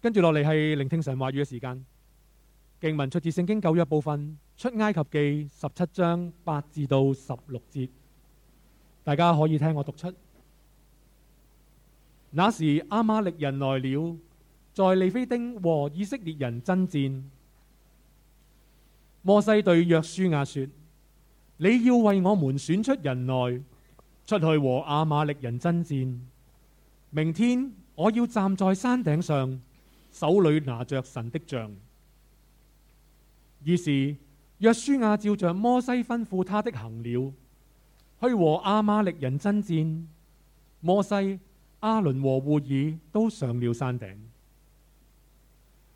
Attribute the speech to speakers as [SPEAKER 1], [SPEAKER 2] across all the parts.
[SPEAKER 1] 跟住落嚟係聆聽神話語嘅時間。經文出自聖經舊約部分，出埃及記十七章八至到十六節，大家可以聽我讀出。那時阿瑪力人來了，在利非丁和以色列人爭戰。摩西對約書亞說：你要為我們選出人來，出去和阿瑪力人爭戰。明天我要站在山頂上。手裏拿着神的杖，於是約書亞照着摩西吩咐他的行了，去和阿瑪力人爭戰。摩西、阿倫和戶爾都上了山頂。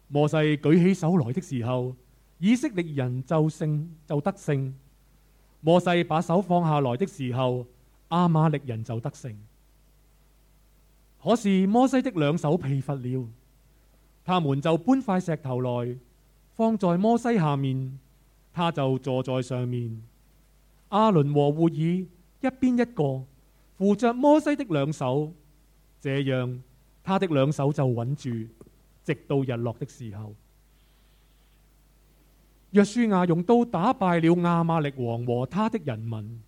[SPEAKER 1] 摩西舉起手來的時候，以色列人就勝就得勝；摩西把手放下來的時候，阿瑪力人就得勝。可是摩西的兩手疲乏了。他們就搬塊石頭來，放在摩西下面，他就坐在上面。阿倫和胡爾一邊一個，扶着摩西的兩手，這樣他的兩手就穩住，直到日落的時候。約書亞用刀打敗了亞瑪力王和他的人民。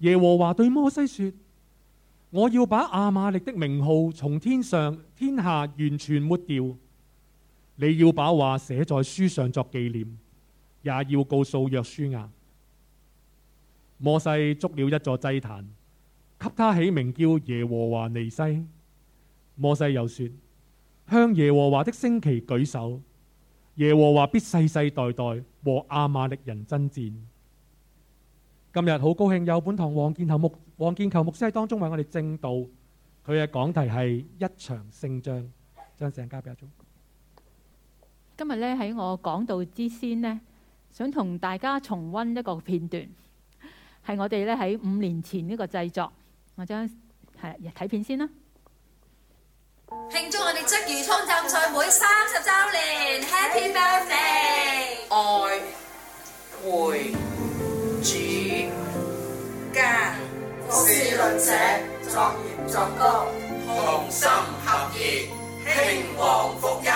[SPEAKER 1] 耶和華對摩西說。我要把亞瑪力的名號從天上天下完全抹掉。你要把話寫在書上作紀念，也要告訴約書亞。摩西築了一座祭壇，給他起名叫耶和華尼西。摩西又說：向耶和華的旌旗舉手，耶和華必世世代代和亞瑪力人爭戰。今日好高興有本堂王見頭目。」王建球牧師喺當中為我哋正道，佢嘅講題係一場勝仗。張成嘉，交俾阿鐘。
[SPEAKER 2] 今日咧喺我講道之先咧，想同大家重温一個片段，係我哋咧喺五年前呢個製作。我將係睇片先啦。
[SPEAKER 3] 慶祝我哋鰂魚涌浸信會三十周年，Happy Birthday！愛回主家。學思論寫，作言作歌，同心合意，興旺福音。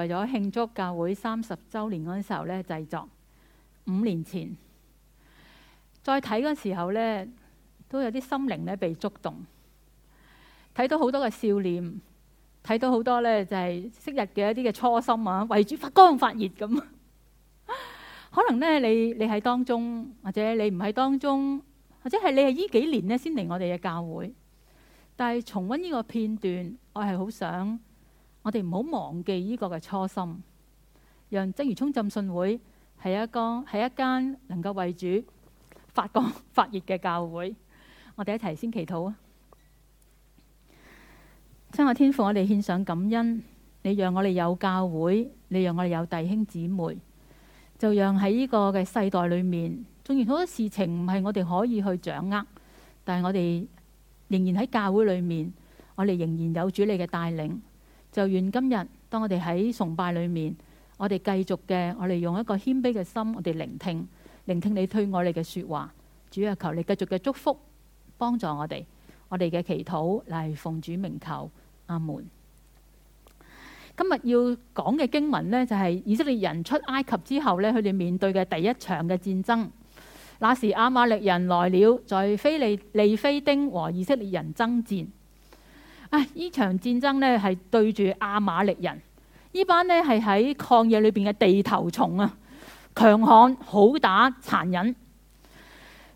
[SPEAKER 2] 為咗慶祝教會三十周年嗰時候咧，製作五年前再睇嗰時候咧，都有啲心靈咧被觸動，睇到好多嘅笑臉，睇到好多咧就係昔日嘅一啲嘅初心啊，為住發光發熱咁。可能咧你你喺當中，或者你唔喺當中，或者係你係呢幾年咧先嚟我哋嘅教會，但係重溫呢個片段，我係好想。我哋唔好忘記呢個嘅初心，讓鰂魚涌浸信會係一個係一間能夠為主發光發熱嘅教會。我哋一齊先祈禱啊！親愛天父，我哋獻上感恩，你讓我哋有教會，你讓我哋有弟兄姊妹，就讓喺呢個嘅世代裏面，縱然好多事情唔係我哋可以去掌握，但係我哋仍然喺教會裏面，我哋仍然有主你嘅帶領。就願今日，當我哋喺崇拜裏面，我哋繼續嘅，我哋用一個謙卑嘅心，我哋聆聽，聆聽你對我哋嘅說話。主啊，求你繼續嘅祝福，幫助我哋。我哋嘅祈禱嚟，奉主名求。阿門。今日要講嘅經文呢，就係、是、以色列人出埃及之後呢，佢哋面對嘅第一場嘅戰爭。那時阿瑪力人來了，在非利利非丁和以色列人爭戰。啊！呢場戰爭呢，係對住亞瑪力人，呢班呢係喺曠野裏邊嘅地頭蟲啊，強悍、好打、殘忍。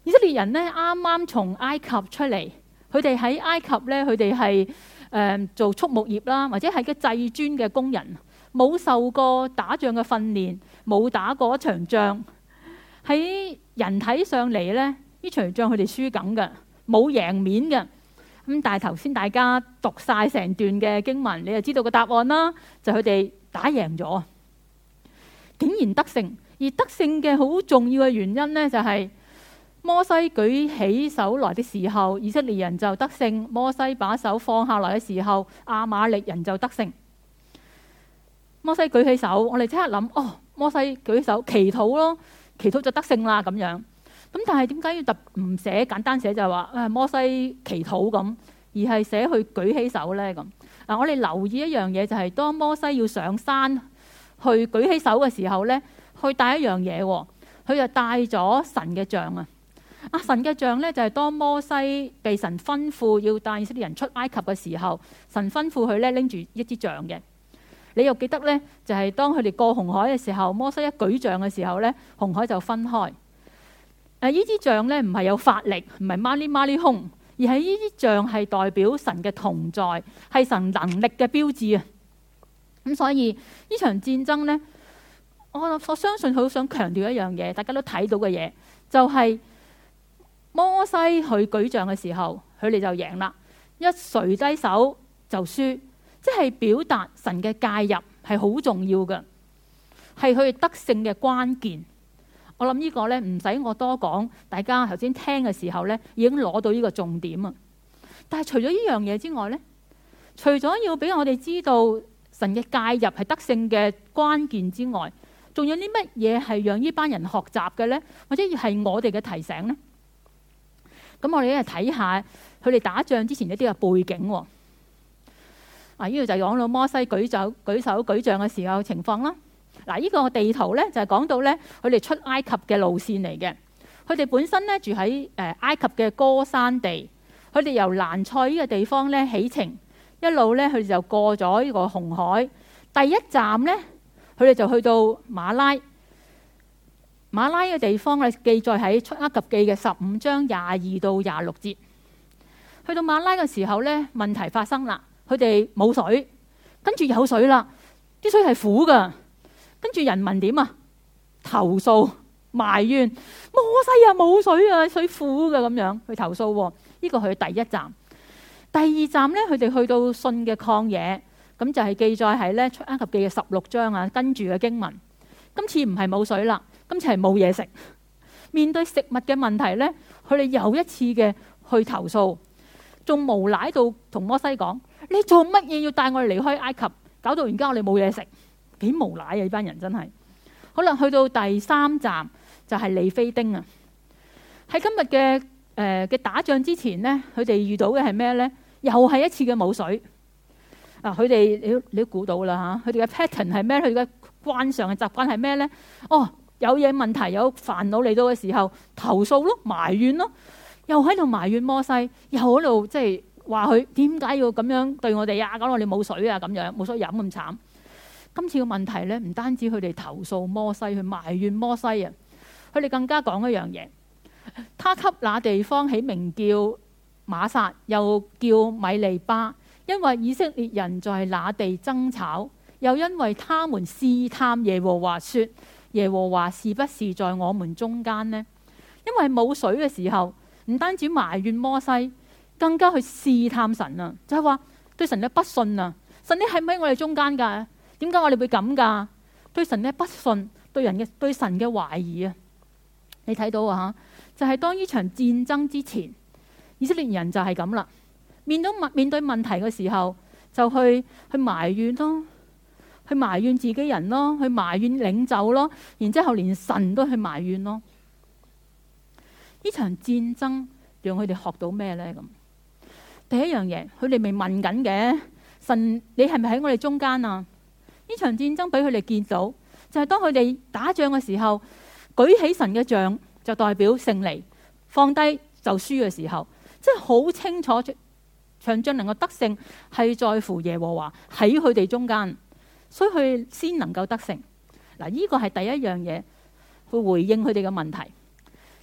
[SPEAKER 2] 以色列人呢，啱啱從埃及出嚟，佢哋喺埃及呢，佢哋係誒做畜牧業啦，或者係個製磚嘅工人，冇受過打仗嘅訓練，冇打過一場仗。喺人體上嚟呢，呢場仗佢哋輸緊嘅，冇贏面嘅。咁但係頭先大家讀曬成段嘅經文，你就知道個答案啦，就佢哋打贏咗，竟然得勝。而得勝嘅好重要嘅原因呢，就係摩西舉起手來嘅時候，以色列人就得勝；摩西把手放下來嘅時候，亞瑪力人就得勝。摩西舉起手，我哋即刻諗，哦，摩西舉手祈禱咯，祈禱就得勝啦咁樣。咁但係點解要特唔寫簡單寫就係話誒摩西祈禱咁，而係寫去舉起手呢咁。嗱，我哋留意一樣嘢就係，當摩西要上山去舉起手嘅時候呢，佢帶一樣嘢，佢就帶咗神嘅杖啊！啊，神嘅杖呢就係當摩西被神吩咐要帶啲人出埃及嘅時候，神吩咐佢呢拎住一支杖嘅。你又記得呢？就係當佢哋過紅海嘅時候，摩西一舉杖嘅時候呢，紅海就分開。呢支杖咧唔係有法力，唔係孖呢孖呢空，而係呢支杖係代表神嘅同在，係神能力嘅標誌啊！咁所以呢場戰爭呢，我我相信佢好想強調一樣嘢，大家都睇到嘅嘢，就係、是、摩西去舉杖嘅時候，佢哋就贏啦；一垂低手就輸，即、就、係、是、表達神嘅介入係好重要嘅，係佢哋得勝嘅關鍵。我諗呢個咧唔使我多講，大家頭先聽嘅時候咧已經攞到呢個重點啊！但係除咗呢樣嘢之外咧，除咗要俾我哋知道神嘅介入係得勝嘅關鍵之外，仲有啲乜嘢係讓呢班人學習嘅咧？或者要係我哋嘅提醒咧？咁我哋一齊睇下佢哋打仗之前一啲嘅背景喎、哦。啊，呢度就講到摩西舉手、舉手、舉杖嘅時候的情況啦。嗱，呢個地圖咧就係、是、講到咧佢哋出埃及嘅路線嚟嘅。佢哋本身咧住喺誒、呃、埃及嘅歌珊地，佢哋由蘭塞呢個地方咧起程，一路咧佢哋就過咗呢個紅海。第一站咧，佢哋就去到馬拉。馬拉呢個地方咧，記載喺《出埃及記》嘅十五章廿二到廿六節。去到馬拉嘅時候咧，問題發生啦，佢哋冇水，跟住有水啦，啲水係苦噶。跟住人民點啊？投訴埋怨，摩西啊冇水啊，水苦噶咁樣去投訴。呢個係第一站，第二站咧，佢哋去到信嘅曠野，咁就係記載喺呢出埃及記嘅十六章啊。跟住嘅經文，今次唔係冇水啦，今次係冇嘢食。面對食物嘅問題咧，佢哋又一次嘅去投訴，仲無賴到同摩西講：你做乜嘢要帶我哋離開埃及？搞到而家我哋冇嘢食。幾無賴啊！呢班人真係，好啦，去到第三站就係利非訂啊！喺今日嘅誒嘅打仗之前咧，佢哋遇到嘅係咩咧？又係一次嘅冇水啊！佢哋你你都估到啦嚇，佢哋嘅 pattern 係咩？佢嘅慣常嘅習慣係咩咧？哦，有嘢問題有煩惱嚟到嘅時候，投訴咯，埋怨咯，又喺度埋怨摩西，又喺度即係話佢點解要咁樣對我哋啊？搞到我哋冇水啊，咁樣冇水飲咁慘。今次嘅問題咧，唔單止佢哋投訴摩西，去埋怨摩西啊。佢哋更加講一樣嘢，他給那地方起名叫馬撒，又叫米利巴，因為以色列人在那地爭吵，又因為他們試探耶和華說，說耶和華是不是在我們中間呢？因為冇水嘅時候，唔單止埋怨摩西，更加去試探神啊，就係話對神嘅不信啊，神你係咪喺我哋中間㗎？點解我哋會咁噶？對神嘅不信，對人嘅，對神嘅懷疑啊！你睇到啊吓，就係當呢場戰爭之前，以色列人就係咁啦。面對面面對問題嘅時候，就去去埋怨咯，去埋怨自己人咯，去埋怨領袖咯，然之後連神都去埋怨咯。呢場戰爭讓佢哋學到咩呢？咁第一樣嘢，佢哋未問緊嘅神，你係咪喺我哋中間啊？呢場戰爭俾佢哋見到，就係、是、當佢哋打仗嘅時候，舉起神嘅杖就代表勝利，放低就輸嘅時候，即係好清楚。場將能夠得勝係在乎耶和華喺佢哋中間，所以佢先能夠得勝。嗱，呢個係第一樣嘢去回應佢哋嘅問題。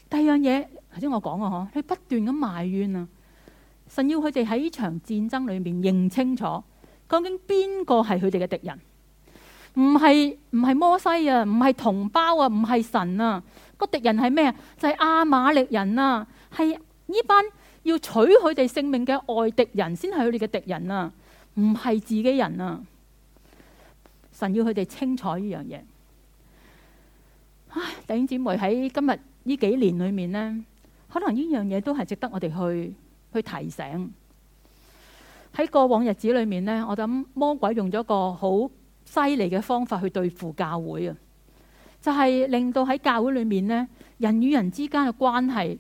[SPEAKER 2] 第二樣嘢頭先我講嘅嗬，佢不斷咁埋怨啊，神要佢哋喺呢場戰爭裏面認清楚，究竟邊個係佢哋嘅敵人。唔係，唔係摩西啊，唔係同胞啊，唔係神啊，個敵人係咩啊？就係阿瑪力人啊，係呢班要取佢哋性命嘅外敵人，先係佢哋嘅敵人啊，唔係自己人啊。神要佢哋清楚呢樣嘢。唉，弟兄姊妹喺今日呢幾年裏面呢，可能呢樣嘢都係值得我哋去去提醒。喺過往日子裏面呢，我諗魔鬼用咗個好。犀利嘅方法去對付教會啊，就係、是、令到喺教會裏面咧，人與人之間嘅關係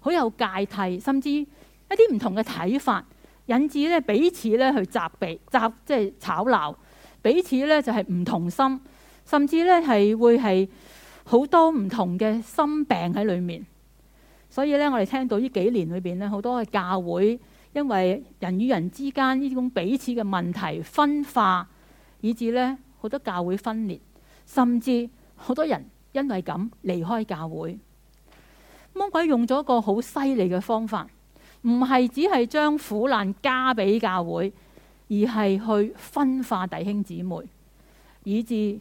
[SPEAKER 2] 好有芥蒂，甚至一啲唔同嘅睇法，引致咧彼此咧去責備、責即係、就是、吵鬧，彼此咧就係唔同心，甚至咧係會係好多唔同嘅心病喺裏面。所以咧，我哋聽到呢幾年裏邊咧，好多嘅教會因為人與人之間呢種彼此嘅問題分化。以致咧，好多教會分裂，甚至好多人因為咁離開教會。魔鬼用咗個好犀利嘅方法，唔係只係將苦難加俾教會，而係去分化弟兄姊妹，以至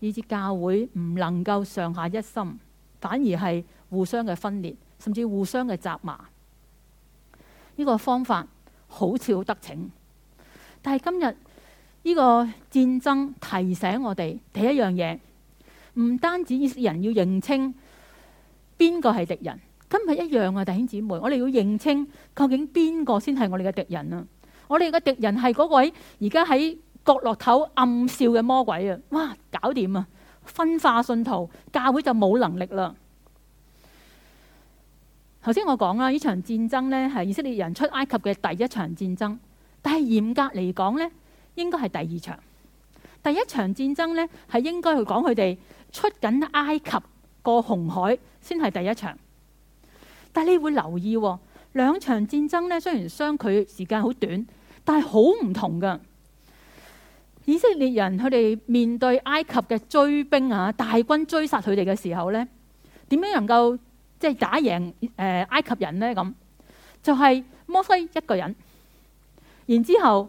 [SPEAKER 2] 以至教會唔能夠上下一心，反而係互相嘅分裂，甚至互相嘅責罵。呢個方法好似好得逞，但係今日。呢個戰爭提醒我哋第一樣嘢，唔單止以色列人要認清邊個係敵人，今日一樣啊！弟兄姊妹，我哋要認清究竟邊個先係我哋嘅敵人啊！我哋嘅敵人係嗰位而家喺角落頭暗笑嘅魔鬼啊！哇，搞掂啊！分化信徒，教會就冇能力啦。頭先我講啦，呢場戰爭呢係以色列人出埃及嘅第一場戰爭，但係嚴格嚟講呢。應該係第二場，第一場戰爭呢，係應該去講佢哋出緊埃及過紅海先係第一場。但係你會留意喎，兩場戰爭呢，雖然相距時間好短，但係好唔同噶。以色列人佢哋面對埃及嘅追兵啊，大軍追殺佢哋嘅時候呢，點樣能夠即係、就是、打贏誒、呃、埃及人呢？咁就係、是、摩西一個人，然之後。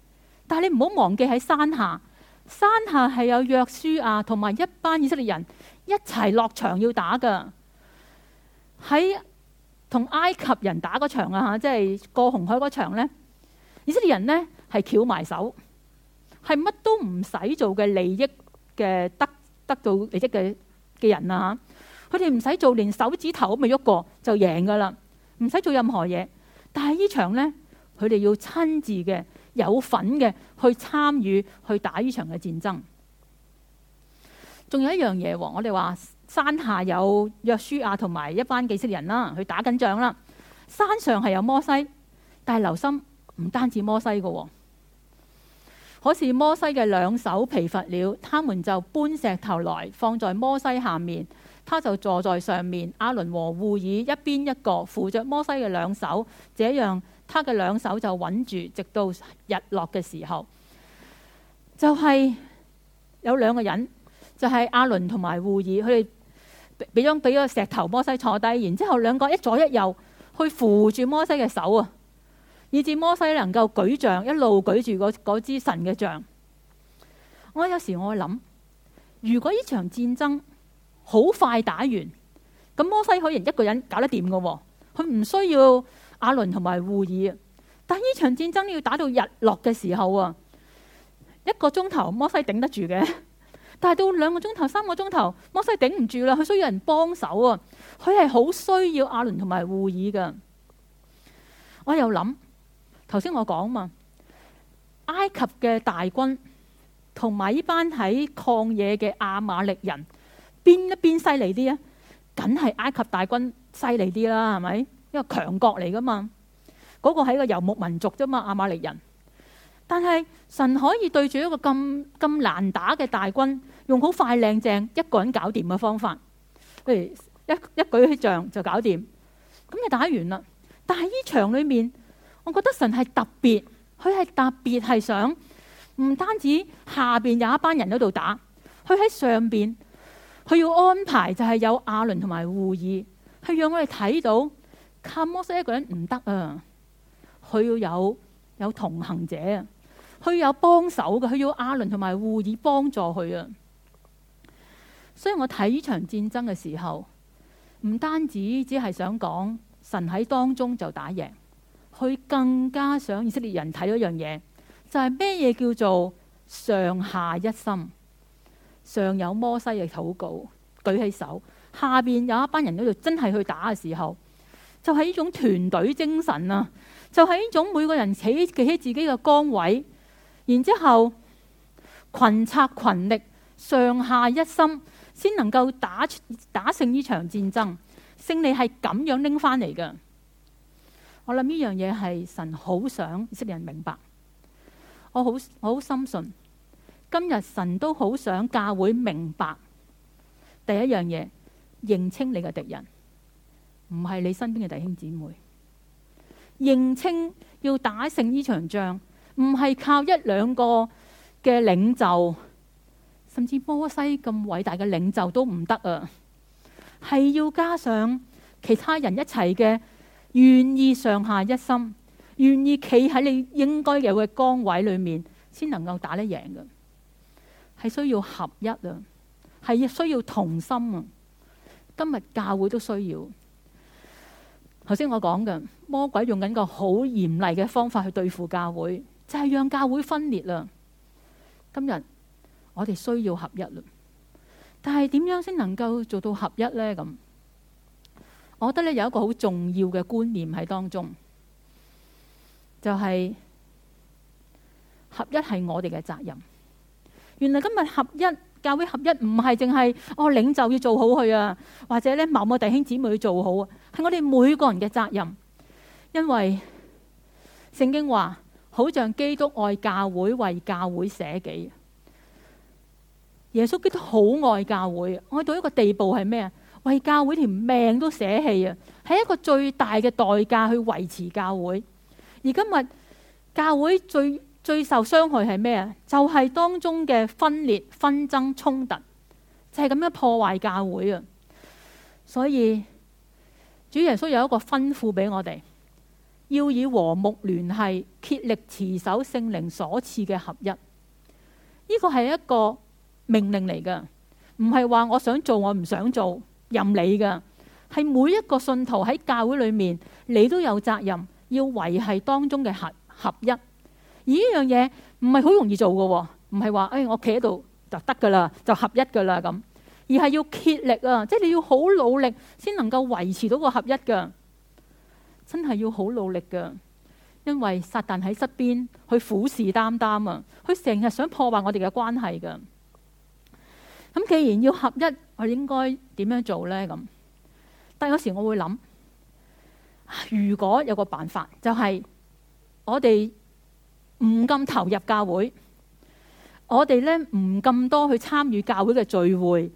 [SPEAKER 2] 但係你唔好忘記喺山下，山下係有約書亞，同埋一班以色列人一齊落場要打嘅。喺同埃及人打嗰場啊吓，即係過紅海嗰場咧，以色列人咧係翹埋手，係乜都唔使做嘅利益嘅得得到利益嘅嘅人啊吓，佢哋唔使做連手指頭都未喐過就贏噶啦，唔使做任何嘢。但係呢場咧，佢哋要親自嘅。有份嘅去參與，去打呢場嘅戰爭。仲有一樣嘢，我哋話山下有約書亞同埋一班幾十人啦，去打緊仗啦。山上係有摩西，但係留心唔單止摩西嘅喔。可是摩西嘅兩手疲乏了，他們就搬石頭來放在摩西下面，他就坐在上面。亞倫和戶珥一邊一個扶着摩西嘅兩手，這樣。他嘅兩手就穩住，直到日落嘅時候，就係、是、有兩個人，就係、是、阿倫同埋胡爾，佢哋俾咗俾個石頭摩西坐低，然之後兩個一左一右去扶住摩西嘅手啊，以至摩西能夠舉杖，一路舉住嗰支神嘅杖。我有時我諗，如果呢場戰爭好快打完，咁摩西可以一個人搞得掂嘅喎，佢唔需要。阿倫同埋護爾，但呢場戰爭要打到日落嘅時候啊，一個鐘頭摩西頂得住嘅，但係到兩個鐘頭、三個鐘頭，摩西頂唔住啦，佢需要人幫手啊，佢係好需要阿倫同埋護爾噶。我又諗，頭先我講嘛，埃及嘅大軍同埋呢班喺曠野嘅亞瑪力人，邊一邊犀利啲啊？梗係埃及大軍犀利啲啦，係咪？那個、一個強國嚟噶嘛？嗰個係一個游牧民族啫嘛，亞瑪力人。但係神可以對住一個咁咁難打嘅大軍，用好快、靚、正一個人搞掂嘅方法，譬如一一舉起杖就搞掂。咁就打完啦。但係呢場裏面，我覺得神係特別，佢係特別係想唔單止下邊有一班人喺度打，佢喺上邊佢要安排就係有亞倫同埋護爾，去讓我哋睇到。靠摩西一個人唔得啊，佢要有有同行者啊，佢有幫手嘅，佢要亞倫同埋戶珥幫助佢啊。所以我睇呢場戰爭嘅時候，唔單止只係想講神喺當中就打贏，佢更加想以色列人睇到一樣嘢，就係咩嘢叫做上下一心。上有摩西嘅禱告，舉起手，下邊有一班人喺度真係去打嘅時候。就係呢種團隊精神啊！就係、是、呢種每個人起企喺自己嘅崗位，然之後群策群力、上下一心，先能夠打打勝呢場戰爭。勝利係咁樣拎翻嚟嘅。我諗呢樣嘢係神好想以色列人明白。我好我好深信，今日神都好想教會明白第一樣嘢，認清你嘅敵人。唔係你身邊嘅弟兄姊妹認清。要打勝呢場仗，唔係靠一兩個嘅領袖，甚至摩西咁偉大嘅領袖都唔得啊。係要加上其他人一齊嘅願意上下一心，願意企喺你應該有嘅崗位裏面，先能夠打得贏嘅。係需要合一啊，係需要同心啊。今日教會都需要。頭先我講嘅魔鬼用緊個好嚴厲嘅方法去對付教會，就係讓教會分裂啦。今日我哋需要合一啦，但係點樣先能夠做到合一呢？咁，我覺得咧有一個好重要嘅觀念喺當中，就係合一係我哋嘅責任。原來今日合一。教會合一唔係淨係哦領袖要做好佢啊，或者咧某某弟兄姊妹要做好啊，係我哋每個人嘅責任。因為聖經話，好像基督愛教會，為教會捨己。耶穌基督好愛教會，愛到一個地步係咩啊？為教會條命都捨棄啊！係一個最大嘅代價去維持教會。而今日教會最。最受傷害係咩啊？就係當中嘅分裂、紛爭、衝突，就係咁樣破壞教會啊。所以主耶穌有一個吩咐俾我哋，要以和睦聯繫、竭力持守聖靈所賜嘅合一。呢個係一個命令嚟噶，唔係話我想做我唔想做任你噶。係每一個信徒喺教會裏面，你都有責任要維繫當中嘅合合一。而呢樣嘢唔係好容易做嘅，唔係話誒我企喺度就得噶啦，就合一噶啦咁，而係要竭力啊，即係你要好努力先能夠維持到個合一嘅，真係要好努力嘅，因為撒旦喺側邊去虎視眈眈啊，佢成日想破壞我哋嘅關係嘅。咁既然要合一，我哋應該點樣做呢？咁但係有時我會諗，如果有個辦法，就係我哋。唔咁投入教會，我哋咧唔咁多去參與教會嘅聚會，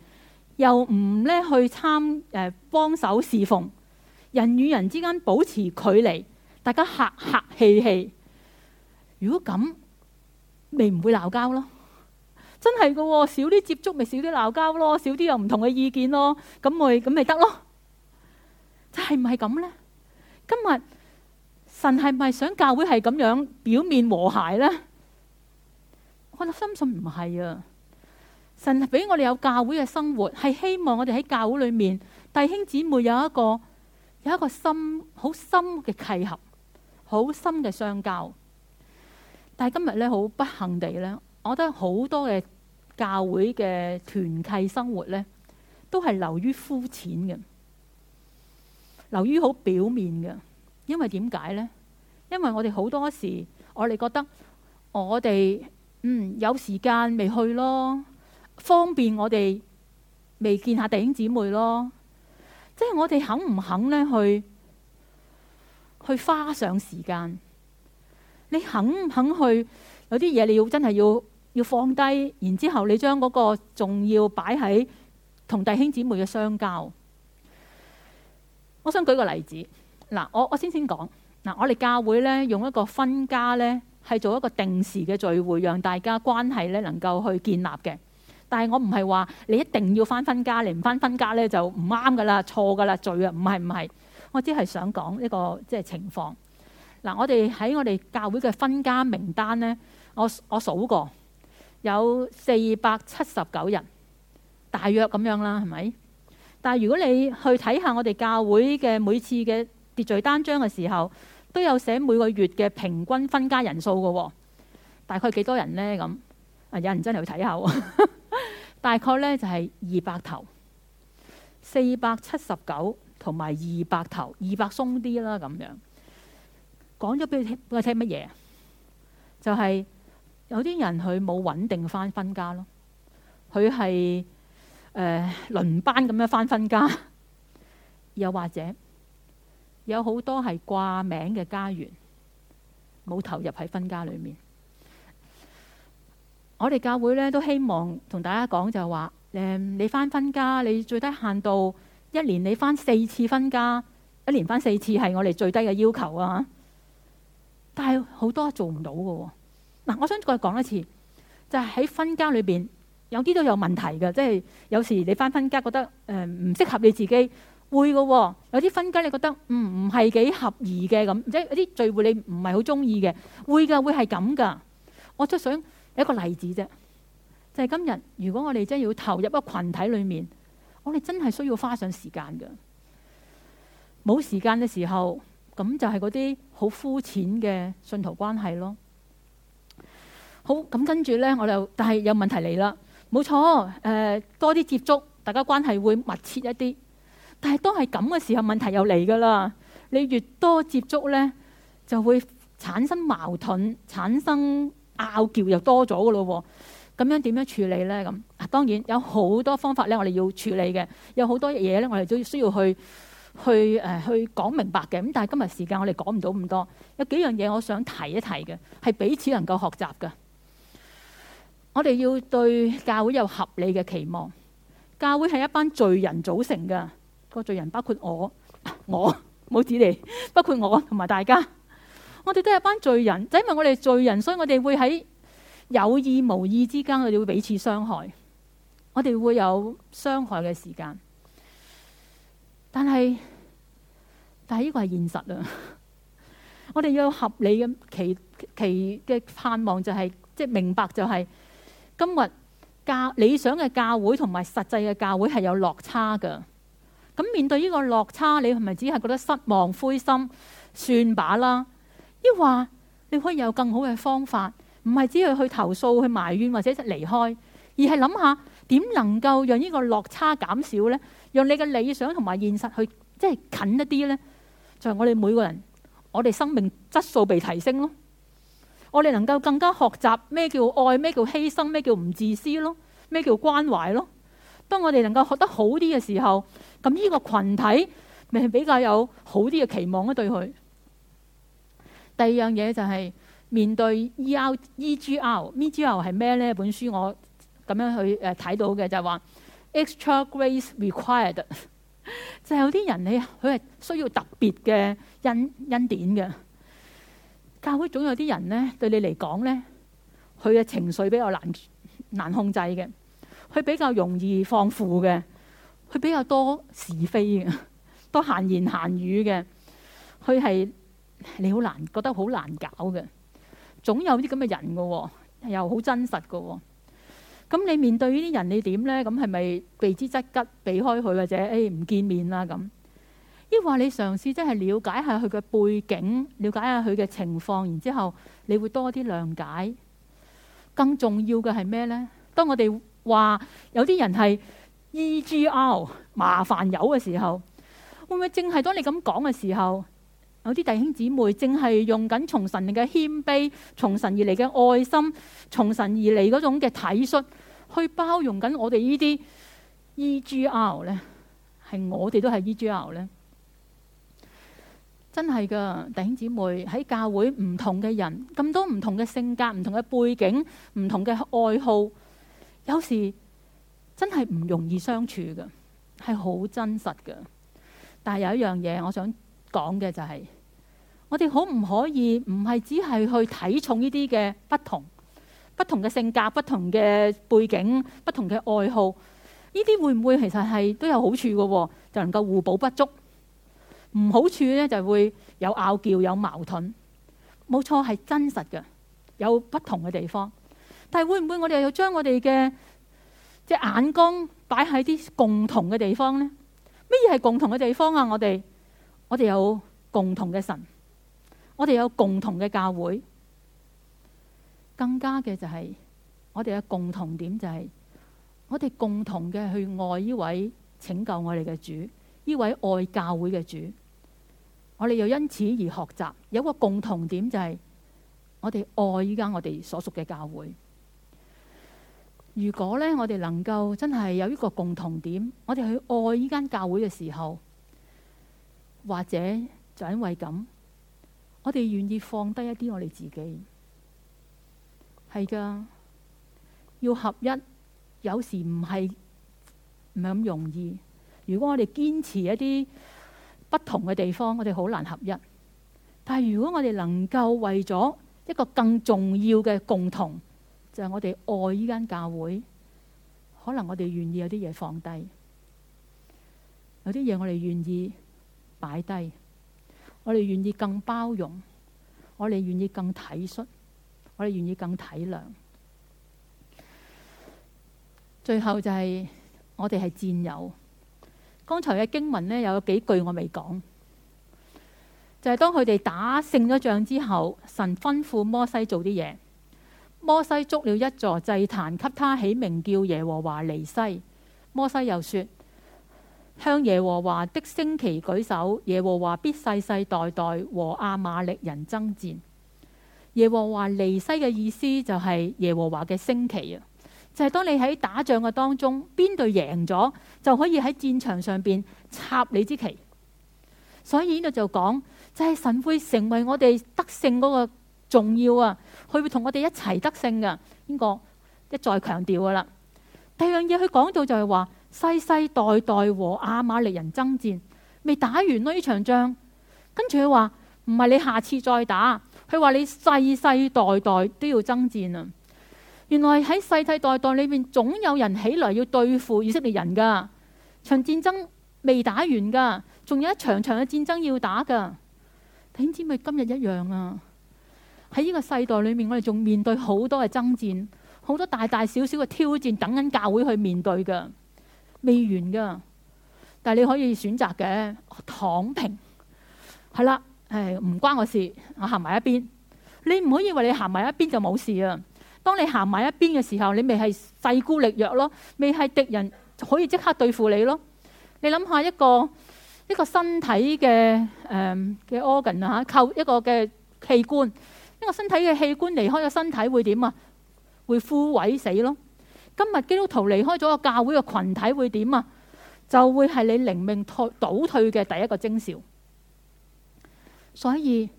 [SPEAKER 2] 又唔咧去參誒、呃、幫手侍奉，人與人之間保持距離，大家客客氣氣。如果咁，咪唔會鬧交咯。真係噶，少啲接觸咪少啲鬧交咯，少啲有唔同嘅意見咯，咁咪咁咪得咯。就係唔係咁呢？今日。神係咪想教會係咁樣表面和諧呢？我諗深信唔係啊！神俾我哋有教會嘅生活，係希望我哋喺教會裏面弟兄姊妹有一個有一個深好深嘅契合，好深嘅相交。但係今日咧好不幸地咧，我覺得好多嘅教會嘅團契生活咧，都係流於膚淺嘅，流於好表面嘅。因為點解呢？因為我哋好多時，我哋覺得我哋嗯有時間未去咯，方便我哋未見下弟兄姊妹咯。即係我哋肯唔肯呢去去花上時間？你肯唔肯去？有啲嘢你真的要真係要要放低，然之後你將嗰個仲要擺喺同弟兄姊妹嘅相交。我想舉個例子。嗱，我我先先講，嗱，我哋教會咧用一個分家咧，係做一個定時嘅聚會，讓大家關係咧能夠去建立嘅。但係我唔係話你一定要返分家，你唔返分家咧就唔啱㗎喇，錯㗎喇，罪啊！唔係唔係，我只係想講一個，這個即係、就係、情況。嗱，我哋喺我哋教會嘅分家名單咧，我我數過有四百七十九人，大約咁樣啦，係咪？但係如果你去睇下我哋教會嘅每次嘅。秩序單張嘅時候，都有寫每個月嘅平均分家人數嘅喎，大概幾多人呢？咁啊，有人真係去睇下喎、哦。 大概呢，就係二百頭，四百七十九同埋二百頭，二百鬆啲啦咁樣。講咗俾你聽乜嘢？就係、是、有啲人佢冇穩定返分家咯，佢係誒輪班咁樣返分家，又 或者。有好多係掛名嘅家園，冇投入喺分家裏面。我哋教會咧都希望同大家講就話，誒，你翻分家，你最低限度一年你翻四次分家，一年翻四次係我哋最低嘅要求啊！但係好多做唔到嘅。嗱，我想再講一次，就係喺分家裏邊，有啲都有問題嘅，即係有時你翻分家覺得，誒，唔適合你自己。會噶、哦，有啲分居你覺得唔唔係幾合宜嘅，咁，即係有啲聚會你唔係好中意嘅，會噶會係咁噶。我就想有一個例子啫，就係、是、今日，如果我哋真係要投入一個群體裏面，我哋真係需要花上時間噶。冇時間嘅時候，咁就係嗰啲好膚淺嘅信徒關係咯。好，咁跟住咧，我哋但係有問題嚟啦。冇錯，誒、呃，多啲接觸，大家關係會密切一啲。但係都係咁嘅時候，問題又嚟噶啦。你越多接觸呢，就會產生矛盾，產生拗撬又多咗噶咯。咁樣點樣處理呢？咁當然有好多方法咧，我哋要處理嘅有好多嘢咧，我哋都需要去去誒、呃、去講明白嘅。咁但係今日時間我哋講唔到咁多，有幾樣嘢我想提一提嘅，係彼此能夠學習噶。我哋要對教會有合理嘅期望，教會係一班罪人組成噶。個罪人包括我，我冇指你，包括我同埋大家，我哋都係一班罪人。就因為我哋係罪人，所以我哋會喺有意無意之間，我哋會彼此傷害。我哋會有傷害嘅時間，但係但係呢個係現實啊！我哋要合理嘅期期嘅盼望就係即係明白，就係今日教理想嘅教會同埋實際嘅教會係有落差㗎。咁面對呢個落差，你係咪只係覺得失望、灰心，算把啦？抑或你可以有更好嘅方法，唔係只係去投訴、去埋怨或者即係離開，而係諗下點能夠讓呢個落差減少呢？讓你嘅理想同埋現實去即係近一啲呢？就係、是、我哋每個人，我哋生命質素被提升咯。我哋能夠更加學習咩叫愛、咩叫犧牲、咩叫唔自私咯、咩叫關懷咯。當我哋能夠學得好啲嘅時候，咁呢個群體咪係比較有好啲嘅期望咯，對佢。第二樣嘢就係面對 EGR、EGR、EGR 係、e、咩咧？本書我咁樣去誒睇、呃、到嘅就係、是、話 extra grace required。 就係有啲人你佢係需要特別嘅恩恩典嘅。教會總有啲人咧，對你嚟講咧，佢嘅情緒比較難難控制嘅。佢比較容易放負嘅，佢比較多是非嘅，多閒言閒語嘅。佢係你好難覺得好難搞嘅。總有啲咁嘅人嘅、哦，又好真實嘅、哦。咁你面對呢啲人你點呢？咁係咪避之則吉，避開佢或者誒唔、哎、見面啦？咁抑話你嘗試即係了解下佢嘅背景，了解下佢嘅情況，然後之後你會多啲諒解。更重要嘅係咩呢？當我哋。話有啲人係 EGR 麻煩友嘅時候，會唔會淨係當你咁講嘅時候，有啲弟兄姊妹淨係用緊從神嘅謙卑、從神而嚟嘅愛心、從神而嚟嗰種嘅體恤，去包容緊我哋呢啲 EGR 呢？係我哋都係 EGR 呢？真係噶弟兄姊妹喺教會唔同嘅人咁多唔同嘅性格、唔同嘅背景、唔同嘅愛好。有時真係唔容易相處嘅，係好真實嘅。但係有一樣嘢，就是，我想講嘅就係，我哋可唔可以唔係只係去睇重呢啲嘅不同，不同嘅性格、不同嘅背景、不同嘅愛好，呢啲會唔會其實係都有好處嘅？就能夠互補不足。唔好處咧就會有拗撬、有矛盾。冇錯，係真實嘅，有不同嘅地方。但係會唔會我哋又要將我哋嘅眼光擺喺啲共同嘅地方呢？乜嘢係共同嘅地方啊？我哋我哋有共同嘅神，我哋有共同嘅教會，更加嘅就係，我哋嘅共同點就係，我哋共同嘅去愛呢位拯救我哋嘅主，呢位愛教會嘅主，我哋又因此而學習有個共同點就係，我哋愛依家我哋所屬嘅教會。如果咧，我哋能夠真係有一個共同點，我哋去愛呢間教會嘅時候，或者就因為咁，我哋願意放低一啲我哋自己，係㗎，要合一，有時唔係唔係咁容易。如果我哋堅持一啲不同嘅地方，我哋好難合一。但係如果我哋能夠為咗一個更重要嘅共同，就係我哋愛呢間教會，可能我哋願意有啲嘢放低，有啲嘢我哋願意擺低，我哋願意更包容，我哋願意更體恤，我哋願意更體諒。最後就係、是、我哋係戰友。剛才嘅經文呢，有幾句我未講，就係、是、當佢哋打勝咗仗之後，神吩咐摩西做啲嘢。摩西築了一座祭壇，給他起名叫耶和華尼西。摩西又說：向耶和華的升旗舉手，耶和華必世世代代和亞瑪力人爭戰。耶和華尼西嘅意思就係耶和華嘅升旗啊！就係、是、當你喺打仗嘅當中，邊隊贏咗就可以喺戰場上邊插你支旗。所以呢度就講，就係、是、神會成為我哋得勝嗰、那個。重要啊！佢會同我哋一齊得勝嘅呢、這個一再強調嘅啦。第二樣嘢，佢講到就係話世世代代和亞瑪力人爭戰，未打完呢、啊、場仗，跟住佢話唔係你下次再打，佢話你世世代代都要爭戰啊。原來喺世世代代裏面，總有人起來要對付以色列人噶，場戰爭未打完噶，仲有一場場嘅戰爭要打噶。點知咪今日一樣啊！喺呢個世代裏面，我哋仲面對好多嘅爭戰，好多大大小小嘅挑戰，等緊教會去面對嘅。未完噶，但係你可以選擇嘅躺平係啦，誒唔關我事，我行埋一邊。你唔可以話你行埋一邊就冇事啊。當你行埋一邊嘅時候，你咪係勢孤力弱咯，未係敵人就可以即刻對付你咯。你諗下一個一個身體嘅誒嘅 organ 啊吓，構一個嘅器官。個身體嘅器官離開咗，身體會點啊？會枯萎死咯。今日基督徒離開咗個教會嘅群體會點啊？就會係你靈命退倒退嘅第一個徵兆。所以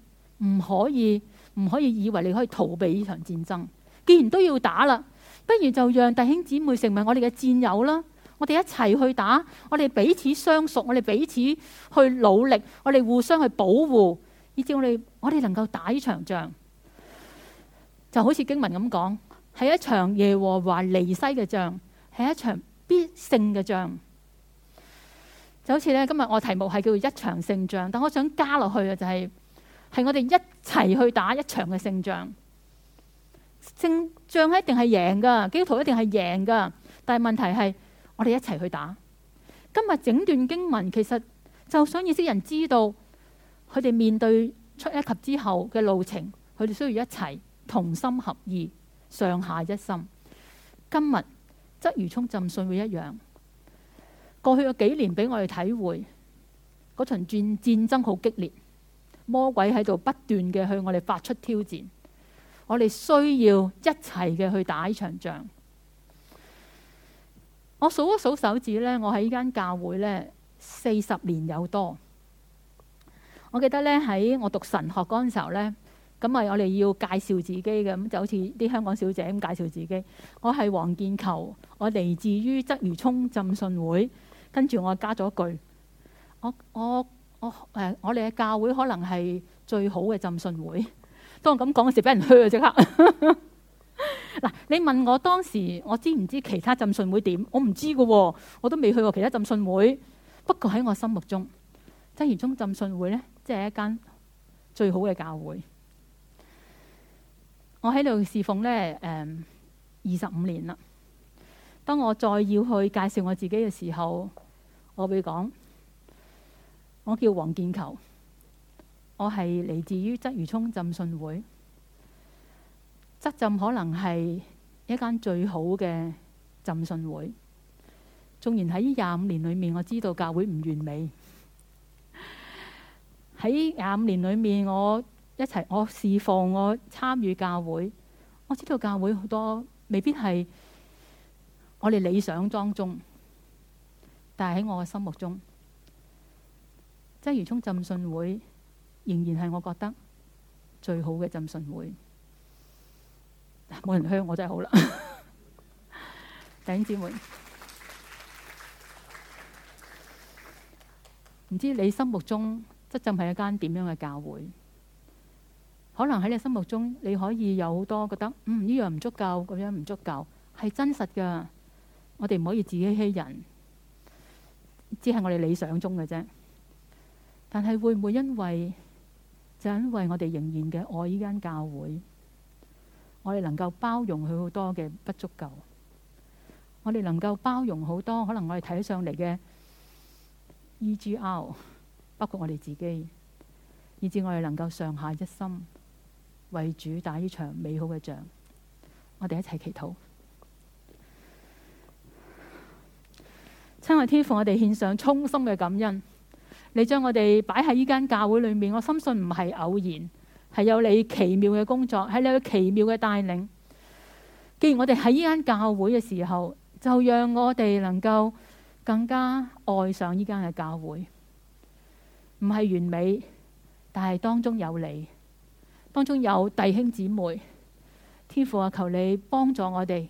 [SPEAKER 2] 唔可以唔可以以為你可以逃避呢場戰爭。既然都要打啦，不如就讓弟兄姊妹成為我哋嘅戰友啦。我哋一齊去打，我哋彼此相熟，我哋彼此去努力，我哋互相去保護，以至我哋我哋能夠打呢場仗。就好似經文咁講，係一場耶和華離西嘅仗，係一場必勝嘅仗。就好似咧，今日我題目係叫做一場勝仗，但我想加落去嘅就係、是、係我哋一齊去打一場嘅勝仗。勝仗一定係贏噶，基督徒一定係贏噶，但係問題係我哋一齊去打。今日整段經文其實就想意思人知道，佢哋面對出埃及之後嘅路程，佢哋需要一齊，同心合意，上下一心。今日，鰂魚涌浸信會一樣。過去嘅幾年俾我哋體會，嗰場戰戰爭好激烈，魔鬼喺度不斷嘅向我哋發出挑戰。我哋需要一齊嘅去打呢場仗。我數一數手指呢，我喺呢間教會呢，四十年有多。我記得呢，喺我讀神學嗰陣時候呢。咁咪我哋要介紹自己嘅，咁就好似啲香港小姐咁介紹自己。我係黃建球，我嚟自於鰂魚涌浸信會。跟住我加咗句：我我我誒，我哋嘅教會可能係最好嘅浸信會。當我咁講嘅時，俾人去啊！即刻嗱， 你問我當時我知唔知其他浸信會點？我唔知噶，我都未去過其他浸信會。不過喺我心目中，鰂魚涌浸信會咧，即係一間最好嘅教會。我喺度侍奉呢二十五年啦。當我再要去介紹我自己嘅時候，我會講：我叫黃建球，我係嚟自於鰂魚涌浸信會。鰂浸可能係一間最好嘅浸信會。縱然喺廿五年裏面，我知道教會唔完美。喺廿五年裏面，我一齊，我釋放我參與教會，我知道教會好多未必係我哋理想當中，但係喺我嘅心目中，積如沖浸信會仍然係我覺得最好嘅浸信會。冇人香，我真係好啦， 弟兄姊妹，唔知你心目中積浸係一間點樣嘅教會？可能喺你心目中，你可以有好多覺得，嗯，呢樣唔足夠，咁樣唔足夠，係真實嘅。我哋唔可以自欺欺人，只係我哋理想中嘅啫。但係會唔會因為就係因為我哋仍然嘅愛呢間教會，我哋能夠包容佢好多嘅不足夠，我哋能夠包容好多，可能我哋睇上嚟嘅 E.G.R，包括我哋自己，以至我哋能夠上下一心。為主打呢場美好嘅仗，我哋一齊祈禱。親愛天父，我哋獻上衷心嘅感恩。你將我哋擺喺呢間教會裏面，我深信唔係偶然，係有你奇妙嘅工作，係你有奇妙嘅帶領。既然我哋喺呢間教會嘅時候，就讓我哋能夠更加愛上呢間嘅教會。唔係完美，但係當中有你。當中有弟兄姊妹，天父啊，求你幫助我哋，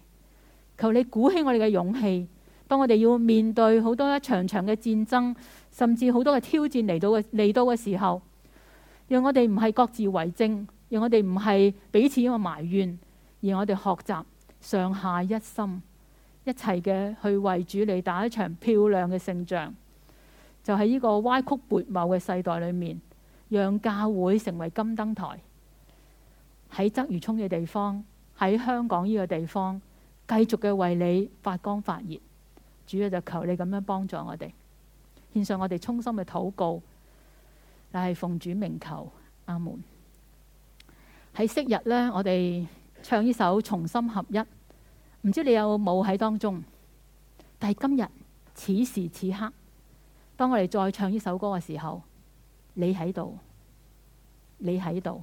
[SPEAKER 2] 求你鼓起我哋嘅勇氣，當我哋要面對好多一場場嘅戰爭，甚至好多嘅挑戰嚟到嘅嚟到嘅時候，讓我哋唔係各自為政，讓我哋唔係彼此因為埋怨，而我哋學習上下一心，一齊嘅去為主你打一場漂亮嘅勝仗。就喺呢個歪曲悖謬嘅世代裏面，讓教會成為金燈台。喺鰂魚涌嘅地方，喺香港呢個地方，繼續嘅為你發光發熱。主要就求你咁樣幫助我哋，獻上我哋衷心嘅禱告。乃係奉主名求，阿門。喺昔日呢，我哋唱呢首同心合一。唔知你有冇喺當中？但係今日此時此刻，當我哋再唱呢首歌嘅時候，你喺度，你喺度。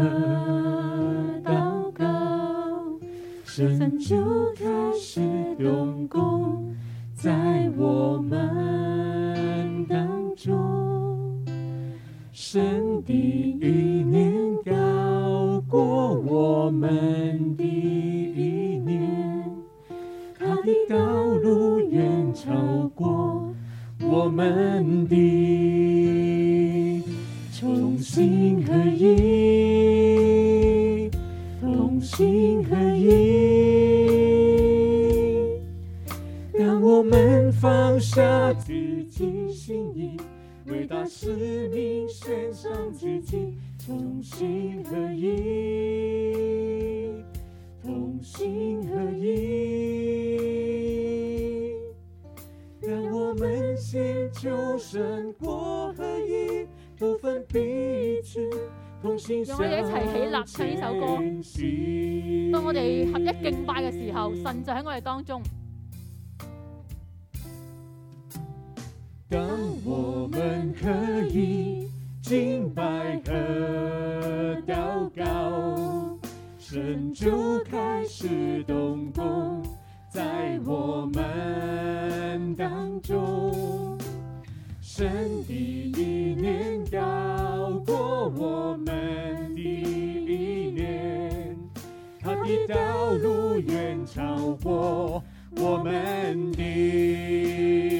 [SPEAKER 3] 的禱告，神就開始動工在我們當中。神的意念高過我們的意念，他的道路遠超過我們的重新可以自己心意，為大使命，獻上自己，同心合意，同心合意，讓我們先就神過合一，不分彼此，同心一。讓我們一齊起，起立唱呢首歌。當我哋合
[SPEAKER 2] 一敬拜嘅時候，神就喺我哋當中。
[SPEAKER 3] 當我們可以敬拜和禱告，神就開始動工在我們當中。神的意念高過我們的意念，他的道路遠超過我們的。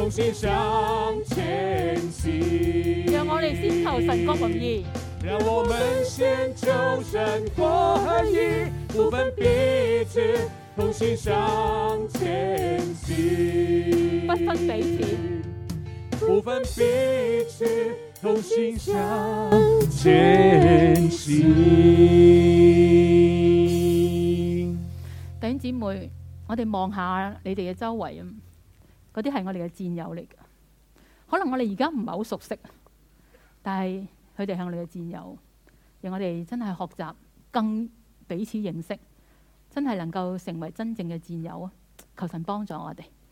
[SPEAKER 3] 同心向前行。讓我們先求神國和義。讓我們先求神國和義，不分彼此，同心向前行。不，
[SPEAKER 2] 不分彼此，
[SPEAKER 3] 不分彼此，同心向前行。前行
[SPEAKER 2] 弟兄姐妹，我哋望下你哋嘅周圍啊。啲係我哋嘅戰友嚟嘅，可能我哋而家唔係好熟悉，但係佢哋係我哋嘅戰友，讓我哋真係學習，更彼此認識，真係能夠成為真正嘅戰友啊！求神幫助我哋。